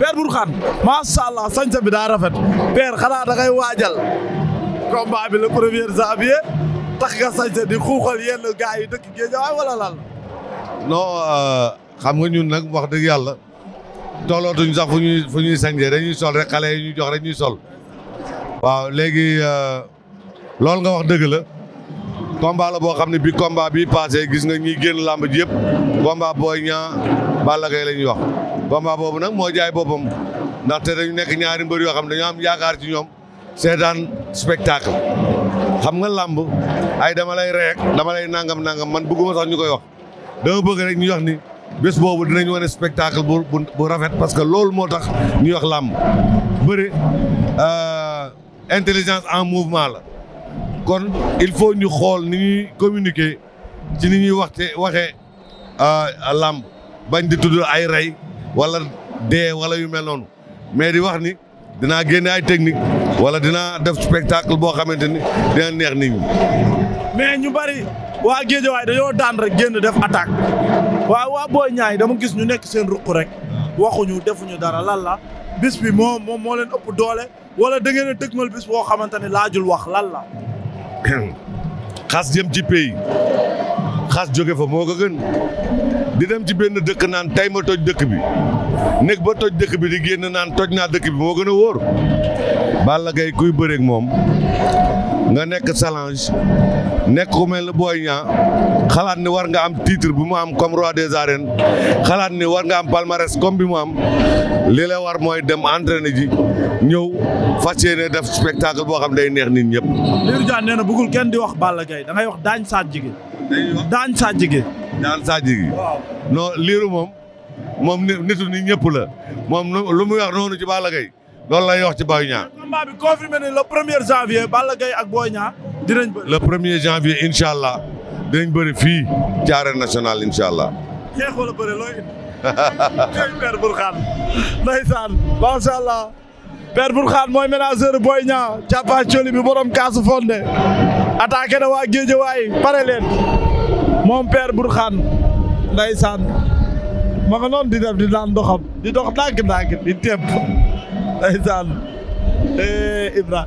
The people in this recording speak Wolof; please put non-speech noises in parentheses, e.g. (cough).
père Bourkhane macha allah sañse bi daa rafet père xanaa da ngay waajal combat bi le premier janvier tax nga sañse di xuuxal yenn gars yi dëkk Géejawaay wala lan. non euh, xam nga ñun nag wax dëgg yàlla tollootuñ sax fu ñuy fu ñuy sañse dañuy sol rek xale yi ñuy jox rek ñuy sol. waaw léegi euh, loolu nga wax dëgg la. combat la boo xam ne bi combat bi passé gis nga ñi génn làmb ji yëpp combat Boy Balla Gaye la ñuy wax combat boobu nag moo jaay boppam ndaxte dañu nekk ñaari mbër yoo xam ne dañoo am yaakaar ci ñoom seetaan spectacle xam nga làmb ay dama lay reek dama lay nangam nangam man bëgguma sax ñu koy wax dama bëgg rek ñu yox ni bés boobu dinañ wane spectacle bu bu rafet parce que loolu moo tax ñuy wax làmb bëri euh, intelligence en mouvement la kon il faut ñu xool ni ñu communiquer ci ni ñuy waxte waxee euh, làmb bañ di tudd ay ray wala dee wala yu mel noonu mais di wax ni dinaa génne ay technique wala dinaa def spectacle boo xamante ni dina neex nit ñi. mais ñu bari waa Géejawaay dañoo daan rek génn def attaque waaw waa Boy Niang dama gis ñu nekk seen ruq rek waxuñu defuñu dara lan la bis bi moo moom moo leen ëpp doole wala da ngeen a dëgmal bis boo xamante ne laajul wax lan la. xas jëm ci pays xas jóge fa moo ko di dem ci benn dëkk naan tay ma toj dëkk bi nekk ba toj dëkk bi di génn naan toj naa dëkk bi moo gën a wóor ballagay Gaye kuy bëreeg moom nga nekk salange nekk ku mel ne Boy xalaat ni war nga am titre bi mu am comme roi des arènes xalaat ni war nga am palmarès comme bi mu am li la war mooy dem na ji ñëw fas yéene def spectacle boo xam day neex nit ñëpp. Lirou Diane nee na bëggul kenn di wax Balla Gaye da ngay wax daañ saa jigéen. saa jigéen. ñaan Sadji gi. non liiru moom moom nitu ni ñëpp la moom lu mu wax noonu ci Balla Gaye loolu lay wax ci Boy Niang. combat premier janvier Balla Gaye ak Boy Niang dinañ bëri. le premier janvier incha allah dinañ bëri fii ci arène nationale incha allah. xeex wala bëri looy indi. tey (laughs) coli bi borom kaasu fonde attaqué na waa Géejawaay pare leen. moom père Bourkhane ndeysaan ma nga di def di daan doxam di dox ndànk-ndànk di tepp ndeysaan eh, Ibra